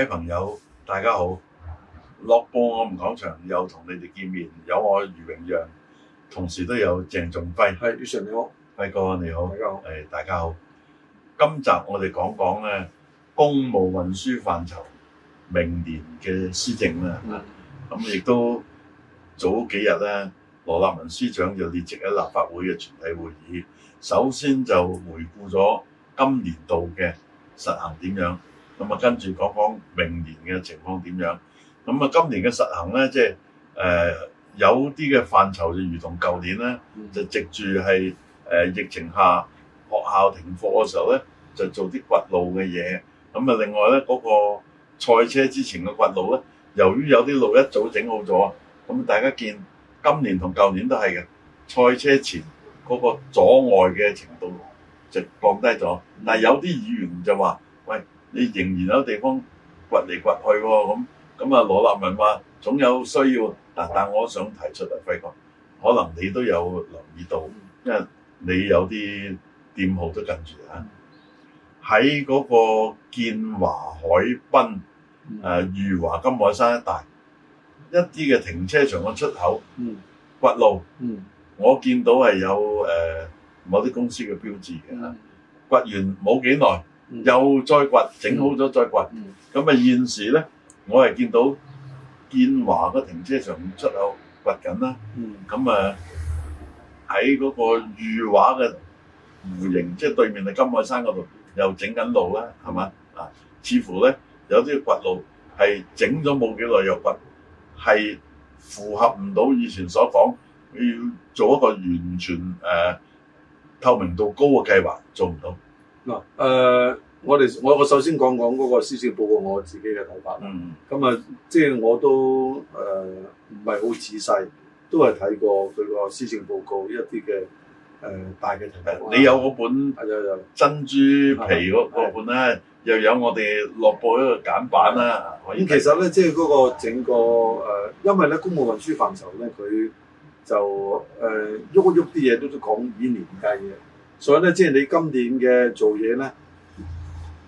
各位朋友，大家好，樂報我哋講場，又同你哋見面，有我余榮陽，同時都有鄭仲輝，余 Sir 你好，輝哥你好，大家好，誒、欸、大家好，今集我哋講講咧公務運輸範疇明年嘅施政啦，咁亦的、嗯、都早幾日咧羅立文司長就列席喺立法會嘅全體會議，首先就回顧咗今年度嘅實行點樣。咁啊，跟住講講明年嘅情況點樣？咁啊，今年嘅實行咧，即係誒有啲嘅範疇就如同舊年咧，就藉住係誒疫情下學校停課嘅時候咧，就做啲掘路嘅嘢。咁啊，另外咧嗰個賽車之前嘅掘路咧，由於有啲路一早整好咗，咁大家見今年同舊年都係嘅賽車前嗰個阻礙嘅程度，就降低咗。但，有啲議員就話：喂！你仍然有地方掘嚟掘去喎，咁咁啊，羅立文話總有需要，嗱，但我想提出啊，輝哥，可能你都有留意到，因為你有啲店鋪都近住啊，喺嗰個建華海濱誒裕華金海山一帶，一啲嘅停車場嘅出口，掘路，我見到係有誒某啲公司嘅標誌嘅嚇，掘完冇幾耐。嗯、又再掘，整好咗再掘，咁啊、嗯嗯、現時咧，我係見到建華個停車場出口掘緊啦，咁啊喺嗰個裕華嘅弧形，即係、嗯、對面嘅金海山嗰度又整緊路啦，係嘛？啊，似乎咧有啲掘路係整咗冇幾耐又掘，係符合唔到以前所講要做一個完全誒、呃、透明度高嘅計劃，做唔到。嗱，誒、呃，我哋我我首先講講嗰個施政報告我自己嘅睇法啦。咁啊、嗯，即係我都誒唔係好仔細，都係睇過佢個施政報告一啲嘅誒大嘅題目。你有嗰本有有珍珠皮嗰本啦，又有我哋落播一個簡版啦。咁、嗯、其實咧，即係嗰個整個誒、呃，因為咧公務運輸範疇咧，佢就誒喐喐啲嘢都都講以年計嘅。所以咧，即係你今年嘅做嘢咧，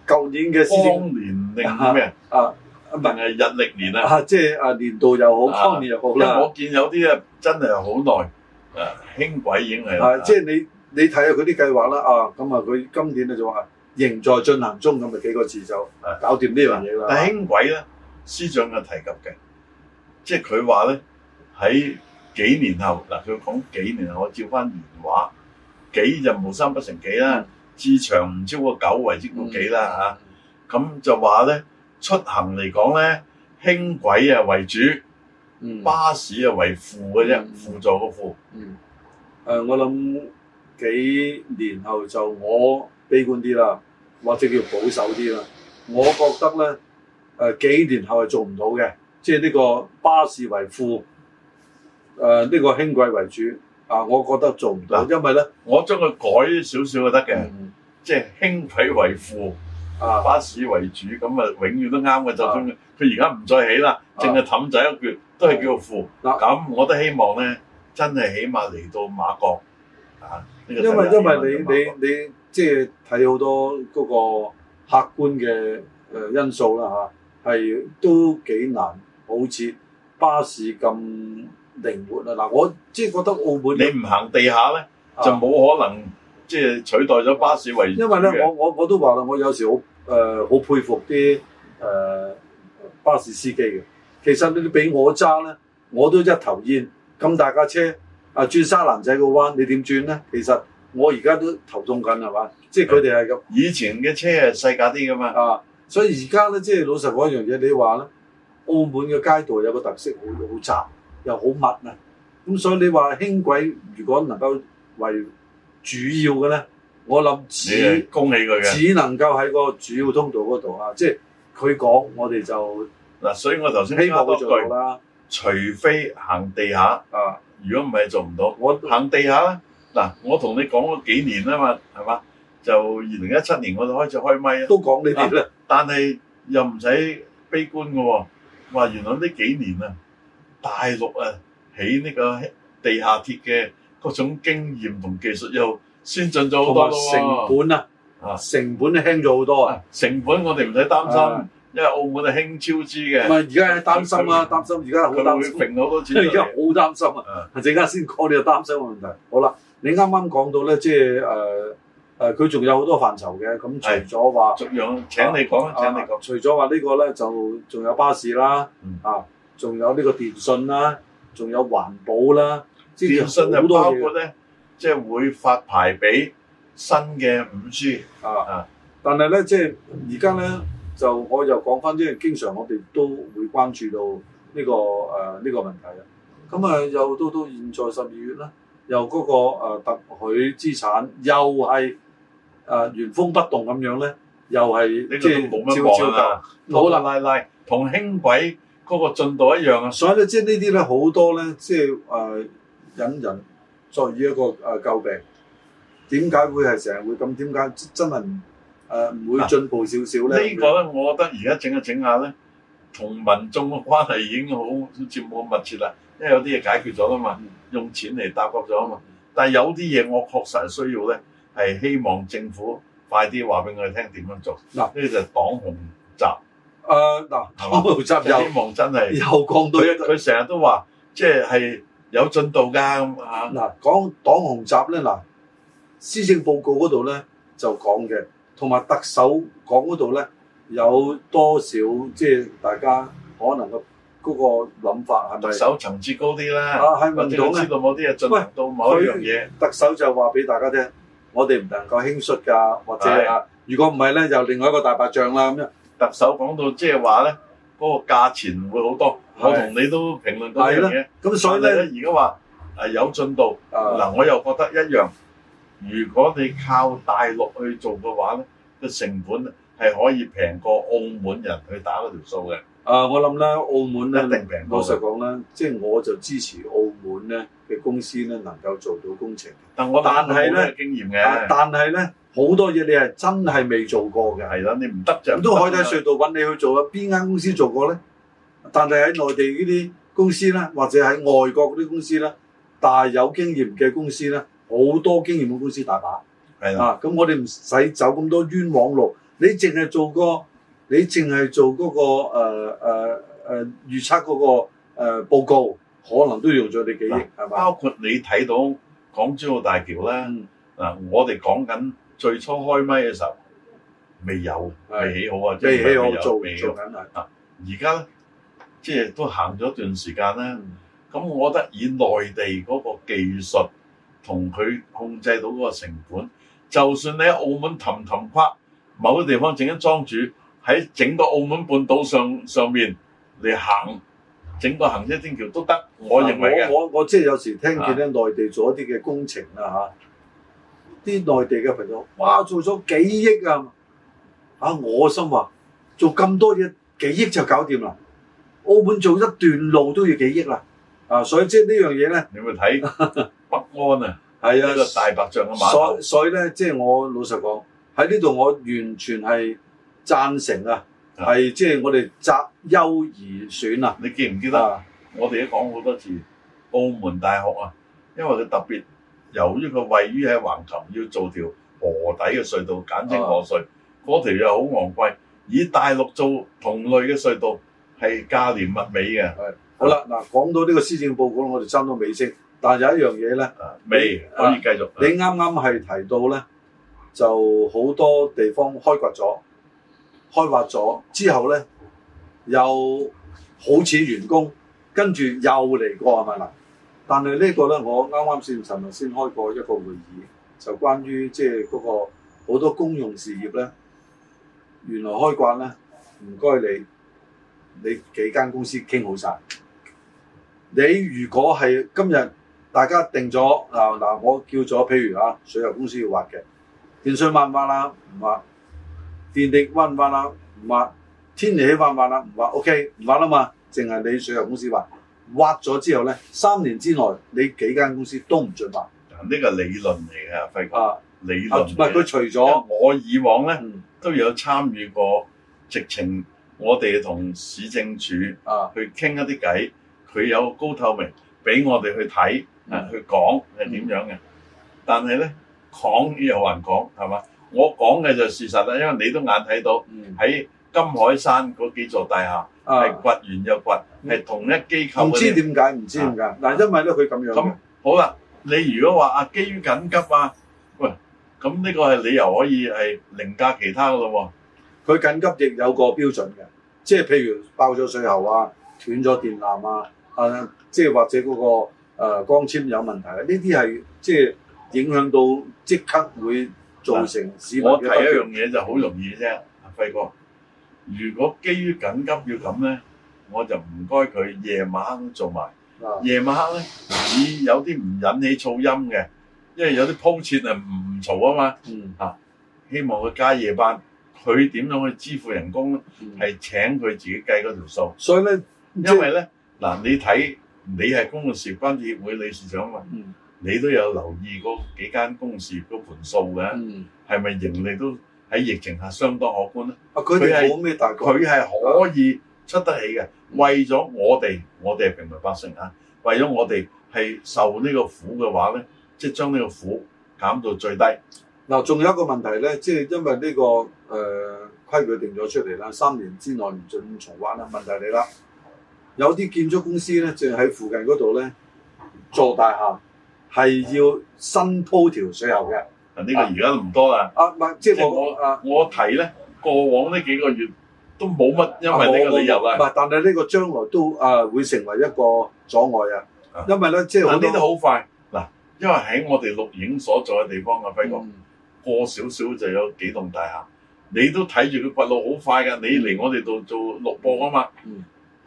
舊年嘅方年定係咩啊？唔係日曆年啊！啊，即係啊，啊、就是、年度又好，方、啊、年又好啦。啊啊、我見有啲啊，真係好耐啊，輕軌已經係即係你你睇下佢啲計劃啦啊！咁啊，佢今年啊就話仍在進行中，咁咪幾個字就搞掂呢樣嘢啦。但係輕軌咧，司長有提及嘅，即係佢話咧喺幾年後嗱，佢講幾年後？我照翻原話。幾就無三不成幾啦，至長唔超過九為止到幾啦咁、嗯啊、就話咧，出行嚟講咧，輕軌啊為主，嗯、巴士啊為輔嘅啫，嗯、輔助個輔、嗯呃。我諗幾年後就我悲觀啲啦，或者叫保守啲啦，我覺得咧誒、呃、幾年後係做唔到嘅，即係呢個巴士為輔，呢、呃呢個輕軌為主。啊！我覺得做唔得，但因為咧，我將佢改少少就得嘅，即係、嗯、輕軌為輔，啊巴士為主，咁啊永遠都啱嘅。啊、就算佢而家唔再起啦，淨係氹仔一橛都係叫輔。咁、啊、我都希望咧，真係起碼嚟到馬國，因為因為你你你即係睇好多嗰個客觀嘅誒因素啦吓，係都幾難，好似巴士咁。靈活啊！嗱，我即係覺得澳門你唔行地下咧，啊、就冇可能即係取代咗巴士為主，啊，因為咧，我我我都話啦，我有時好誒，好、呃、佩服啲誒、呃、巴士司機嘅。其實你俾我揸咧，我都一頭煙咁大架車啊，轉沙欄仔個彎，你點轉咧？其實我而家都頭痛緊係嘛，即係佢哋係咁。以前嘅車係細架啲㗎嘛，啊，所以而家咧，即係老實講一樣嘢，你話咧，澳門嘅街道有個特色好，好好窄。又好密啊！咁所以你話輕軌如果能夠為主要嘅咧，我諗只恭喜佢嘅，只能夠喺嗰個主要通道嗰度啊！即係佢講，我哋就嗱，所以我頭先希望嗰句啦，除非行地下啊！如果唔係，做唔到。我行地下啦嗱、啊，我同你講咗幾年啦嘛，係嘛？就二零一七年我就開始開咪啊，都講呢啲啦。但係又唔使悲觀嘅喎，話、啊、原來呢幾年啊！大陸啊，起呢個地下鐵嘅各種經驗同技術又先進咗好多成本啊，啊成本輕咗好多啊，成本我哋唔使擔心，因為澳門係輕超支嘅。唔係而家係擔心啦，擔心而家好擔心，即而家好擔心啊！啊，陣間先我哋就擔心個問題。好啦，你啱啱講到咧，即係誒誒佢仲有好多範疇嘅。咁除咗話，續讓請你講，請你講，除咗話呢個咧，就仲有巴士啦，啊。仲有呢個電信啦，仲有環保啦，電信就包括咧，即係會發牌俾新嘅五 G 啊。啊但係咧，嗯、即係而家咧，就我又講返，即係經常我哋都會關注到呢、呢個誒呢、啊呢個問題啊。咁啊，又到到現在十二月啦，又嗰、那個、啊、特許資產又係誒、啊、原封不動咁樣咧，又係即係冇乜照舊，好啦了，嚟嚟同輕軌。嗰個進度一樣啊，所以咧，即係呢啲咧好多咧，即係誒引人作以一個誒、呃、詬病。點解會係成日會咁？點解真係誒唔會進步少少咧？個呢個咧，我覺得而家整一整下咧，同民眾嘅關係已經好似冇咁密切啦。因為有啲嘢解決咗啦嘛，用錢嚟搭決咗啊嘛。但係有啲嘢我確實係需要咧，係希望政府快啲話俾我哋聽點樣做。嗱、啊，呢個就係擋洪閘。誒嗱，擋、呃、紅執又希望真係又降到咧，佢成日都話，即係有進度㗎咁啊！嗱，講擋紅集咧，嗱，施政報告嗰度咧就講嘅，同埋特首講嗰度咧有多少，即係大家可能嘅嗰個諗法係咪？是是特首層次高啲啦，我哋想知道某啲嘢進步到某一樣嘢。特首就話俾大家聽，我哋唔能夠輕率㗎，或者如果唔係咧，就另外一個大白象啦咁樣。特首講到即係話咧，嗰、那個價錢會好多，的我同你都評論到啲嘢。咁所以咧，而家話誒有進度，嗱、啊、我又覺得一樣。如果你靠大陸去做嘅話咧，個成本係可以平過澳門人去打嗰條數嘅。啊！我諗咧，澳門咧，老實講咧，即係我就支持澳門咧嘅公司咧，能夠做到工程。但係咧，經驗嘅，但係咧，好多嘢你係真係未做過嘅，係啦，你唔得就。咁都海底隧道揾你去做啊？邊間公司做過咧？但係喺內地嗰啲公司啦，或者喺外國嗰啲公司啦，但係有經驗嘅公司咧，好多經驗嘅公司大把。係啦。啊，咁我哋唔使走咁多冤枉路，你淨係做個。你淨係做嗰、嗰個誒誒誒預測嗰個，呃、報告，可能都要咗你幾億，係包括你睇到港珠澳大橋啦。嗱、嗯啊、我哋講緊最初開咪嘅時候未有，未起好啊，未起好做做緊啊！而家即係都行咗一段時間啦。咁我覺得以內地嗰個技術同佢控制到嗰個成本，就算你喺澳門氹氹跨某啲地方整緊裝主。喺整個澳門半島上上面嚟行，整個行車天橋都得，我認為我我，我即係有時聽見咧，內地做一啲嘅工程啊，嚇、啊，啲內地嘅朋友哇、啊，做咗幾億啊！啊，我心話做咁多嘢幾億就搞掂啦，澳門做一段路都要幾億啦。啊，所以即係呢樣嘢咧，你咪睇北安啊，係啊，一個大白象吖嘛。所所以咧，即係我老實講，喺呢度我完全係。贊成啊，係即係我哋擇優而選啊！你記唔記得？我哋都講好多次，澳門大學啊，因為佢特別，由於佢位於喺橫琴，要做條河底嘅隧道，簡稱河隧，嗰條、啊、又好昂貴，以大陸做同類嘅隧道係價廉物美嘅。係，好啦，嗱講、嗯啊、到呢個施政報告，我哋差唔多尾聲，但係有一樣嘢咧，未、啊、可以繼續。啊、你啱啱係提到咧，就好多地方開掘咗。開挖咗之後咧，又好似完工，跟住又嚟過係咪嗱？但係呢個咧，我啱啱先尋日先開過一個會議，就關於即係嗰個好多公用事業咧，原來開挖咧，唔該你，你幾間公司傾好晒。你如果係今日大家定咗嗱嗱，我叫咗譬如啊，水油公司要挖嘅，電信挖挖啦？唔挖。電力挖唔挖啦？唔挖，天然氣挖唔挖啦？唔挖，OK，唔挖啦嘛，淨係你水油公司挖，挖咗之後咧，三年之內你幾間公司都唔準挖。嗱，呢個理論嚟嘅，輝哥，理論。唔係佢、啊啊、除咗我以往咧，嗯、都有參與過，直情我哋同市政署去傾一啲偈，佢有高透明俾我哋去睇、嗯啊，去講係點樣嘅。嗯、但係咧，講又有人講，係嘛？我講嘅就事實啦，因為你都眼睇到喺、嗯、金海山嗰幾座大廈係掘完又掘，係同一機構。唔知點解，唔知點解。嗱、啊，但因為咧佢咁樣。咁好啦，你如果話啊，基於緊急啊，喂，咁呢個係理由可以係凌駕其他噶咯喎。佢緊急亦有個標準嘅，即係譬如爆咗水喉啊，斷咗電纜啊，啊、呃、即係或者嗰、那個、呃、光纖有問題，呢啲係即係影響到即刻會。造成市、啊、我提一樣嘢就好容易啫，輝、啊、哥。如果基於緊急要咁咧，我就唔該佢夜晚黑做埋。夜、啊、晚黑咧，以有啲唔引起噪音嘅，因為有啲鋪設係唔嘈啊嘛。嗯、啊。希望佢加夜班，佢點樣去支付人工咧？係、嗯、請佢自己計嗰條數。所以咧，因為咧，嗱即、啊，你睇你係公共事業關注協會理事長嘛？嗯你都有留意個幾間公司個盤數嘅，係咪、嗯、盈利都喺疫情下相當可觀咧？啊，佢冇咩大佢係可以出得起嘅。嗯、為咗我哋，我哋係平民百姓啊！為咗我哋係受呢個苦嘅話咧，即係將呢個苦減到最低。嗱，仲有一個問題咧，即、就、係、是、因為呢、這個誒、呃、規矩定咗出嚟啦，三年之內唔准重玩啦。問題你啦，有啲建築公司咧，淨喺附近嗰度咧做大廈。係要新鋪條水喉嘅，嗱呢、啊呢個而家都唔多啦、啊。啊，唔係，即係我我提咧，啊、過往呢幾個月都冇乜，啊、因為呢個理由啦。唔係、啊，但係呢個將來都啊、呃、會成為一個阻礙啊，因為咧即係嗱呢度好快嗱，因為喺我哋錄影所在嘅地方啊，輝哥過少少就有幾棟大廈，你都睇住佢掘路好快㗎，你嚟我哋度做錄播啊嘛。嗯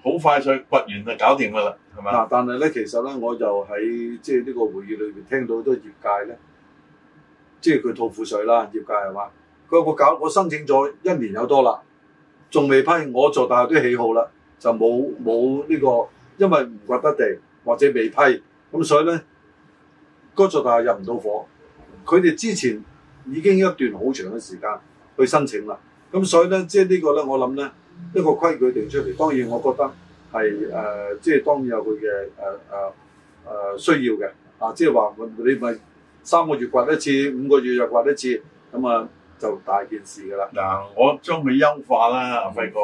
好快脆掘完就搞掂噶啦，係嘛？嗱、啊，但係咧，其實咧，我就喺即係呢個會議裏面聽到好多業界咧，即係佢吐苦水啦，業界係嘛？佢話搞我申請咗一年有多啦，仲未批，我做大學都起好啦，就冇冇呢個，因為唔掘得地或者未批，咁所以咧，嗰座大學入唔到火。佢哋之前已經一段好長嘅時間去申請啦，咁所以咧，即係呢個咧，我諗咧。一個規矩定出嚟，當然我覺得係誒、呃，即係當然有佢嘅誒誒誒需要嘅，啊、呃，即係話我你咪三個月掘一次，五個月又掘一次，咁啊就大件事㗎喇。嗱、呃，我將佢優化啦，阿輝哥，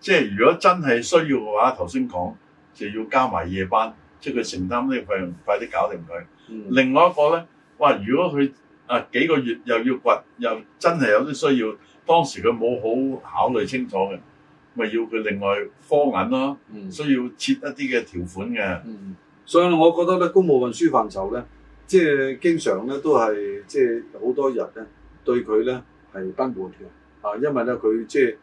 即係如果真係需要嘅話，頭先講就要加埋夜班，即係佢承擔呢個費用，快啲搞掂佢。嗯、另外一個咧，哇、呃，如果佢啊、呃、幾個月又要掘，又真係有啲需要。當時佢冇好考慮清楚嘅，咪要佢另外科銀咯，需、嗯、要設一啲嘅條款嘅。嗯、所以我覺得咧，公務運輸範疇咧，即係經常咧都係即係好多人咧對佢咧係不滿嘅。啊，因為咧佢即係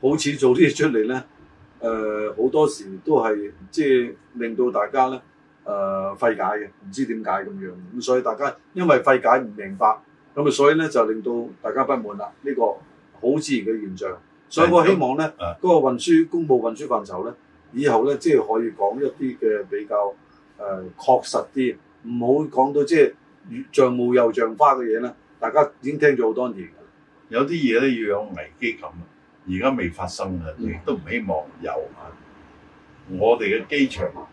好似做啲嘢出嚟咧，誒、呃、好多時都係即係令到大家咧誒費解嘅，唔知點解咁樣。咁所以大家因為費解唔明白，咁啊所以咧就令到大家不滿啦。呢個好自然嘅現象，所以我希望咧，嗰、那個運輸公務運輸範疇咧，以後咧，即係可以講一啲嘅比較誒、呃、確實啲，唔好講到即係像霧又像花嘅嘢呢、嗯、大家已經聽咗好多年，有啲嘢咧要有危機感啊！而家未發生啊，亦都唔希望有。嗯、我哋嘅機場，嗯、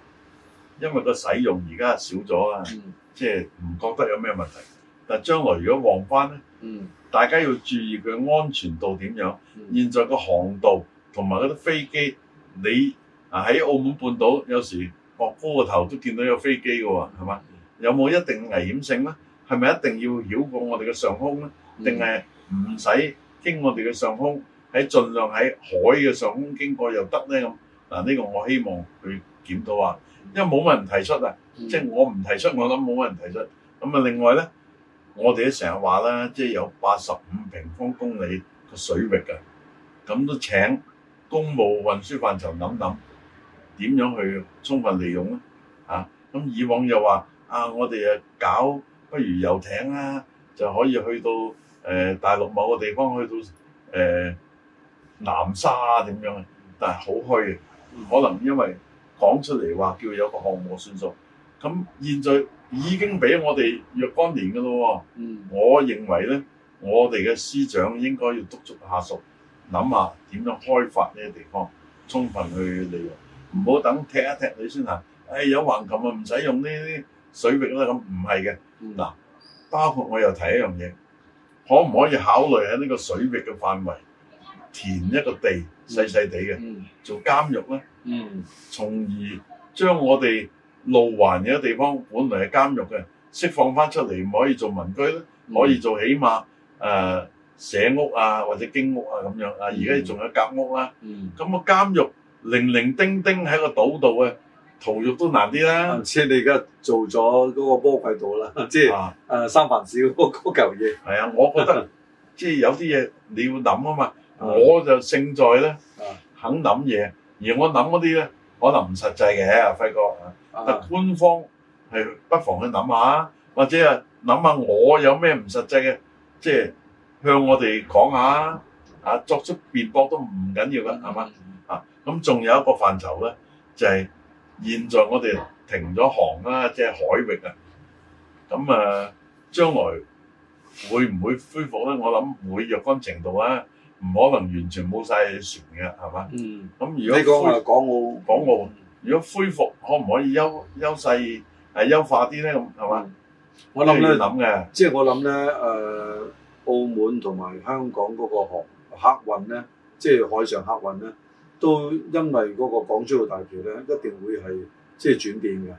因為個使用而家少咗啊，即係唔覺得有咩問題。但係將來如果旺翻咧，嗯，大家要注意佢安全度點樣？現在個航道同埋嗰啲飛機，你啊喺澳門半島有時高個頭都見到有飛機嘅喎，係嘛？有冇一定危險性咧？係咪一定要繞過我哋嘅上空咧？定係唔使經我哋嘅上空，喺盡量喺海嘅上空經過又得咧咁？嗱，呢個我希望佢檢討啊，因為冇乜人提出啊，即係、嗯、我唔提出，我諗冇乜人提出。咁啊，另外咧。我哋成日話啦，即係有八十五平方公里個水域嘅，咁都請公務運輸範疇諗諗點樣去充分利用呢啊？咁以往又話啊，我哋啊搞不如遊艇啊，就可以去到誒、呃、大陸某個地方，去到誒、呃、南沙點、啊、樣，但係好虛嘅，可能因為講出嚟話叫有個項目算數，咁現在。已經俾我哋若干年嘅咯喎，我認為咧，我哋嘅司長應該要督促下屬，諗下點樣開發呢啲地方，充分去利用，唔好等踢一踢你先行誒、哎、有橫琴啊，唔使用呢啲水域咧咁，唔係嘅，嗱，包括我又提一樣嘢，可唔可以考慮喺呢個水域嘅範圍填一個地細細地嘅，做監獄咧，從而將我哋。路環有啲地方本嚟係監獄嘅，釋放翻出嚟唔可以做民居，攞嚟做起碼誒社屋啊，或者經屋啊咁樣啊。而家仲有夾屋啦。咁個監獄零零丁丁喺個島度啊，逃獄都難啲啦。唔似你而家做咗嗰個魔鬼島啦，即係誒三藩市嗰嚿嘢。係啊，我覺得即係有啲嘢你要諗啊嘛。我就勝在咧，肯諗嘢，而我諗嗰啲咧。可能唔實際嘅，輝哥啊，嗯、但官方係不妨去諗下，或者啊諗下我有咩唔實際嘅，即係向我哋講下啊，作出辯駁都唔緊要嘅，係嘛啊？咁仲、嗯嗯、有一個範疇咧，就係、是、現在我哋停咗航啦，即、就、係、是、海域啊，咁啊，將來會唔會恢復咧？我諗會若干程度啊。唔可能完全冇晒船嘅，係嘛？嗯，咁如果你講港澳，港澳、嗯、如果恢復，可唔可以優優勢係優化啲咧？咁係嘛？嗯、我諗咧諗嘅，即係我諗咧誒，澳門同埋香港嗰個航客運咧，即係海上客運咧，都因為嗰個港珠澳大橋咧，一定會係即係轉變嘅。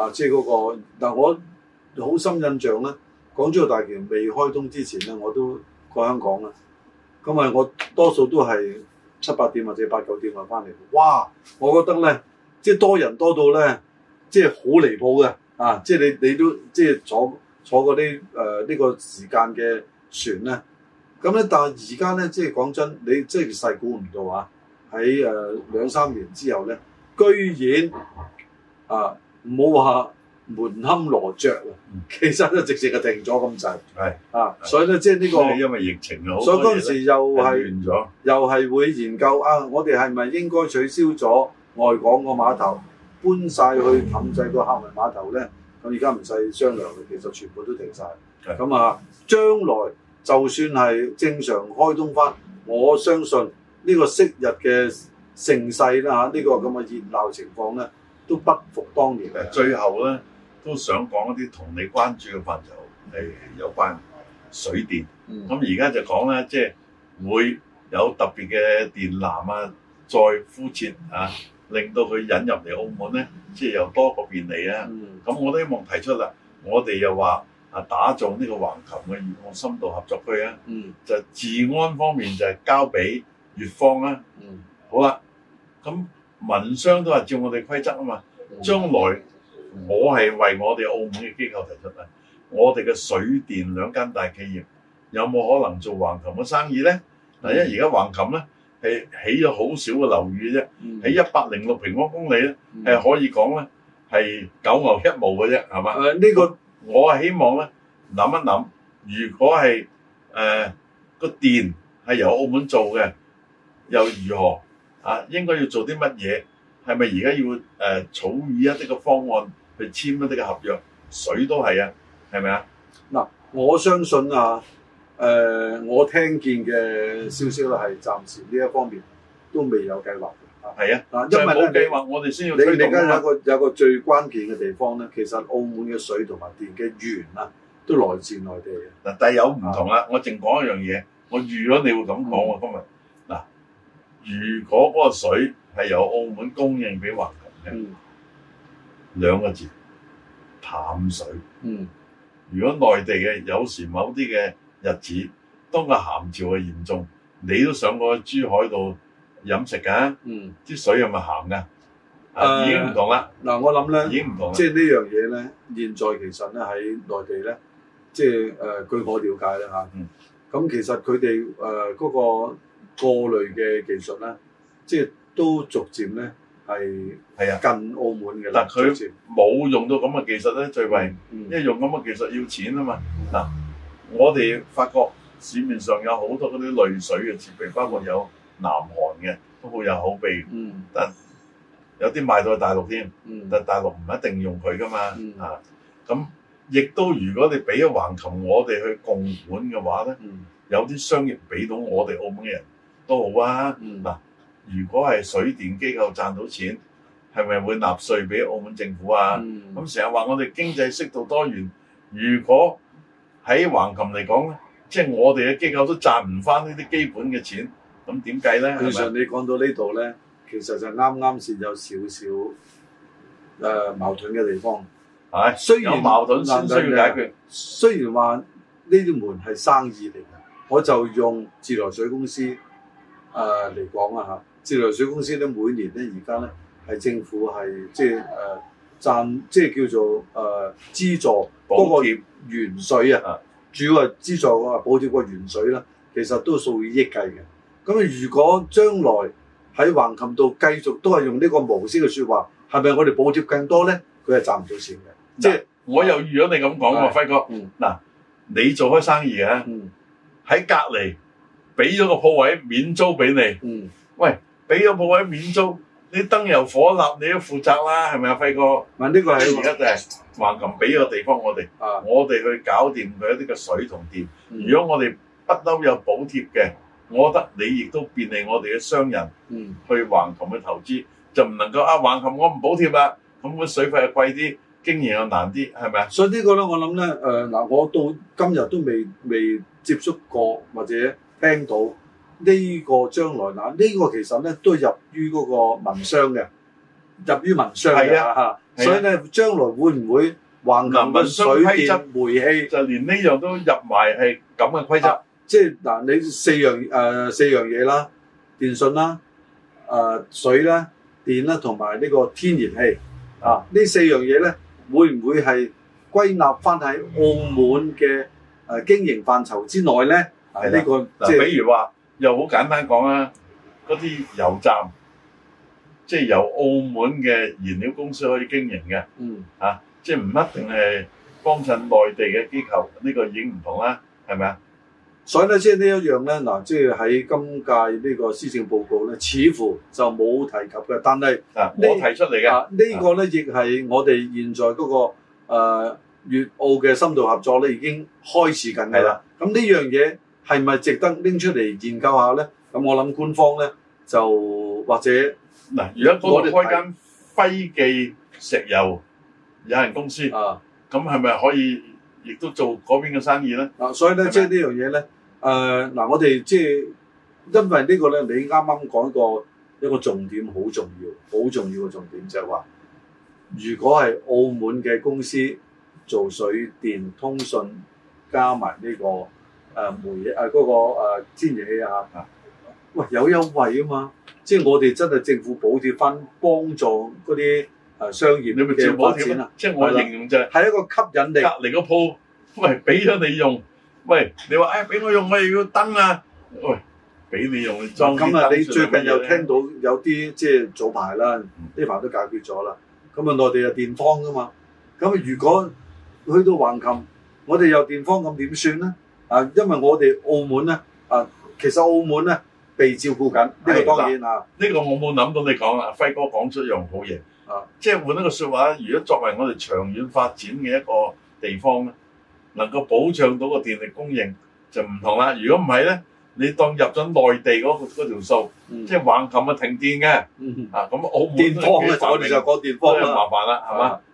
啊，即係嗰個嗱，但我好深印象咧，港珠澳大橋未開通之前咧，我都過香港啦。咁啊！我多數都係七八點或者八九點啊，翻嚟。哇！我覺得咧，即係多人多到咧，即係好離譜嘅啊！即係你你都即係坐坐過啲誒呢個時間嘅船咧。咁咧，但係而家咧，即係講真，你即係細估唔到啊！喺誒兩三年之後咧，居然啊，唔好話。門可羅雀，其實都直接就停咗咁滯。係、嗯、啊，所以咧，即係呢個因為疫情，所以嗰陣時又係又係會研究啊，我哋係咪應該取消咗外港個碼頭，搬晒去氹仔個客運碼頭咧？咁而家唔使商量嘅，其實全部都停晒。咁是啊，將來就算係正常開通翻，我相信呢個昔日嘅盛世啦嚇，呢個咁嘅熱鬧情況咧，都不復當年。最後咧。都想講一啲同你關注嘅範疇係有關，水電。咁而家就講啦，即、就、係、是、會有特別嘅電纜啊，再敷設啊，令到佢引入嚟澳門咧，嗯、即係又多個便利啊。咁、嗯、我都希望提出啦，我哋又話啊，打造呢個橫琴嘅粵澳深度合作區啊，嗯、就治安方面就係交俾粵方啦、啊。嗯、好啦，咁民商都係照我哋規則啊嘛，將來。我係為我哋澳門嘅機構提出嚟。我哋嘅水電兩間大企業有冇可能做橫琴嘅生意咧？嗯、因為而家橫琴咧係起咗好少嘅樓宇啫，喺一百零六平方公里咧係、嗯、可以講咧係九牛一毛嘅啫，係嘛？呢、啊這個我希望咧諗一諗，如果係誒個電係由澳門做嘅，又如何啊？應該要做啲乜嘢？係咪而家要誒、呃、草擬一啲嘅方案？去簽嗰啲嘅合約，水都係啊，係咪啊？嗱，我相信啊，誒、呃，我聽見嘅消息咧，係暫時呢一方面都未有計劃嘅。係啊，嗱，因為冇計劃，我哋先要你哋而家有個有個最關鍵嘅地方咧，其實澳門嘅水同埋電嘅源啊，都來自內地嘅。嗱，但有唔同啦、啊，我淨講一樣嘢，我預咗你會咁講喎，今日嗱，如果嗰個水係由澳門供應俾橫琴嘅。嗯。兩個字，淡水。嗯，如果內地嘅有時某啲嘅日子，當個鹹潮嘅嚴重，你都上過去珠海度飲食㗎。嗯，啲水係咪鹹㗎？啊、嗯，已經唔同啦。嗱、呃呃，我諗咧，已經唔同啦。即係呢樣嘢咧，現在其實咧喺內地咧，即係誒據我了解咧嚇。啊、嗯。咁其實佢哋誒嗰個過濾嘅技術咧，即係都逐漸咧。係，係啊，近澳門嘅，但佢冇用到咁嘅技術咧，最為，嗯、因為用咁嘅技術要錢啊嘛。嗱、嗯啊，我哋發覺市面上有好多嗰啲濾水嘅設備，包括有南韓嘅，都好有口碑。嗯，但有啲賣到去大陸添，嗯、但大陸唔一定用佢噶嘛。嗯、啊，咁亦都如果你俾咗橫琴我哋去共管嘅話咧，嗯、有啲商業俾到我哋澳門嘅人都好啊。嗱。嗯如果係水電機構賺到錢，係咪會納稅俾澳門政府啊？咁成日話我哋經濟適度多元，如果喺橫琴嚟講咧，即係我哋嘅機構都賺唔翻呢啲基本嘅錢，咁點計咧？其實你講到呢度咧，其實就啱啱先有少少誒矛盾嘅地方。係、哎，雖然有矛盾先需要解決。雖然話呢啲門係生意嚟嘅，我就用自來水公司誒嚟講啊。嚇、呃。自來水公司咧，每年咧，而家咧，係政府係即係誒、呃，賺即係叫做誒、呃、資助嗰貼個原水、啊啊、主要係資助啊，補貼個原水啦、啊。其實都是數以億計嘅。咁如果將來喺橫琴度繼續都係用呢個模式嘅說話，係咪我哋補貼更多咧？佢係賺唔到錢嘅。即係、啊就是、我又預咗你咁講喎，是輝哥。嗯。嗱、啊，你做開生意嘅、啊，喺、嗯、隔離俾咗個鋪位免租俾你。嗯。喂。俾咗鋪位免租，你燈油火蠟你都負責啦，係咪啊，輝哥？嗱、這個，呢個係而家就係橫琴俾個地方我哋，啊、我哋去搞掂佢一啲嘅水同電。嗯、如果我哋不嬲有補貼嘅，我覺得你亦都便利我哋嘅商人去橫琴去投資，嗯、就唔能夠啊橫琴我唔補貼啦，咁個水費又貴啲，經營又難啲，係咪啊？所以個呢個咧，我諗咧，嗱、呃，我到今日都未未接觸過或者聽到。呢個將來嗱，呢、這個其實咧都,都入於嗰個民商嘅，入於民商嘅嚇，所以咧將來會唔會橫琴民商規則、煤氣、啊，就連呢樣都入埋係咁嘅規則？即係嗱，你四樣誒、呃、四樣嘢啦，電信啦、誒、呃、水啦、電啦同埋呢個天然氣啊，呢四樣嘢咧會唔會係歸納翻喺澳門嘅誒經營範疇之內咧？係呢的、這個即係，就是、比如話。又好簡單講啦，嗰啲油站即係由澳門嘅燃料公司可以經營嘅，嗯啊，即係唔一定係幫襯內地嘅機構，呢、這個已經唔同啦，係咪啊？所以咧，即係呢一樣咧，嗱，即係喺今屆呢個施政報告咧，似乎就冇提及嘅，但係冇、啊、我提出嚟嘅，這個、呢個咧亦係我哋現在嗰、那個誒粵、呃、澳嘅深度合作咧已經開始緊啦。咁呢樣嘢。嗯係咪值得拎出嚟研究下咧？咁我諗官方咧就或者嗱，如果我哋開間輝記石油有限公司，咁係咪可以亦都做嗰邊嘅生意咧？嗱、啊，所以咧，吧即係呢樣嘢咧，誒、呃、嗱、啊，我哋即係因為個呢個咧，你啱啱講過一個一個重點，好重要、好重要嘅重點，就係話，如果係澳門嘅公司做水電通訊加埋呢、呢個。誒煤氣誒嗰個誒天然氣啊，那個、啊啊啊喂有優惠啊嘛！即係我哋真係政府補貼翻，幫助嗰啲誒商業，你咪照補貼。即係我，我形容就係、是、係一個吸引力，隔離個鋪，喂俾咗你用，喂你話誒俾我用，我又要燈啊！喂俾你用裝。咁啊，嗯、你最近又聽到有啲即係早排啦，呢排都解決咗啦。咁啊、嗯，內地有電方電荒噶嘛？咁如果去到橫琴，我哋又電荒咁點算咧？啊，因為我哋澳門咧，啊，其實澳門咧被照顧緊，呢個當然啊，呢個我冇諗到你講啊，輝哥講出一樣好嘢啊，即係換一個説話，如果作為我哋長遠發展嘅一個地方咧，能夠保障到個電力供應就唔同啦。如果唔係咧，你當入咗內地嗰嗰條數，即係橫琴啊停電嘅，啊咁澳門電荒咧就我哋就講電荒啦，咁麻煩啦，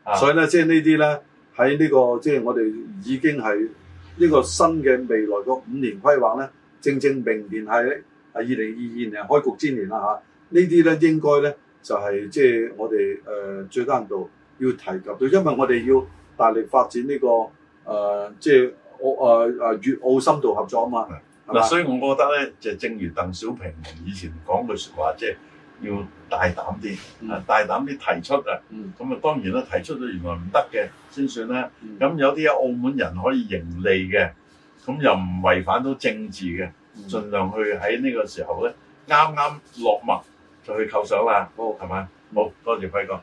係嘛？所以咧即係呢啲咧喺呢個即係我哋已經係。呢個新嘅未來個五年規劃咧，正正明年係啊二零二二年開局之年啦嚇，呢啲咧應該咧就係即係我哋誒最低限度要提及到，因為我哋要大力發展呢、這個誒即係澳誒誒粵澳深度合作啊嘛嗱，所以我覺得咧就正如鄧小平以前講嘅説話，即係。要大膽啲，啊大膽啲提出啊，咁啊、嗯、當然啦，提出到原來唔得嘅先算啦。咁、嗯、有啲澳門人可以盈利嘅，咁又唔違反到政治嘅，嗯、盡量去喺呢個時候咧，啱啱落墨就去構想啦，好係咪？好多謝輝哥。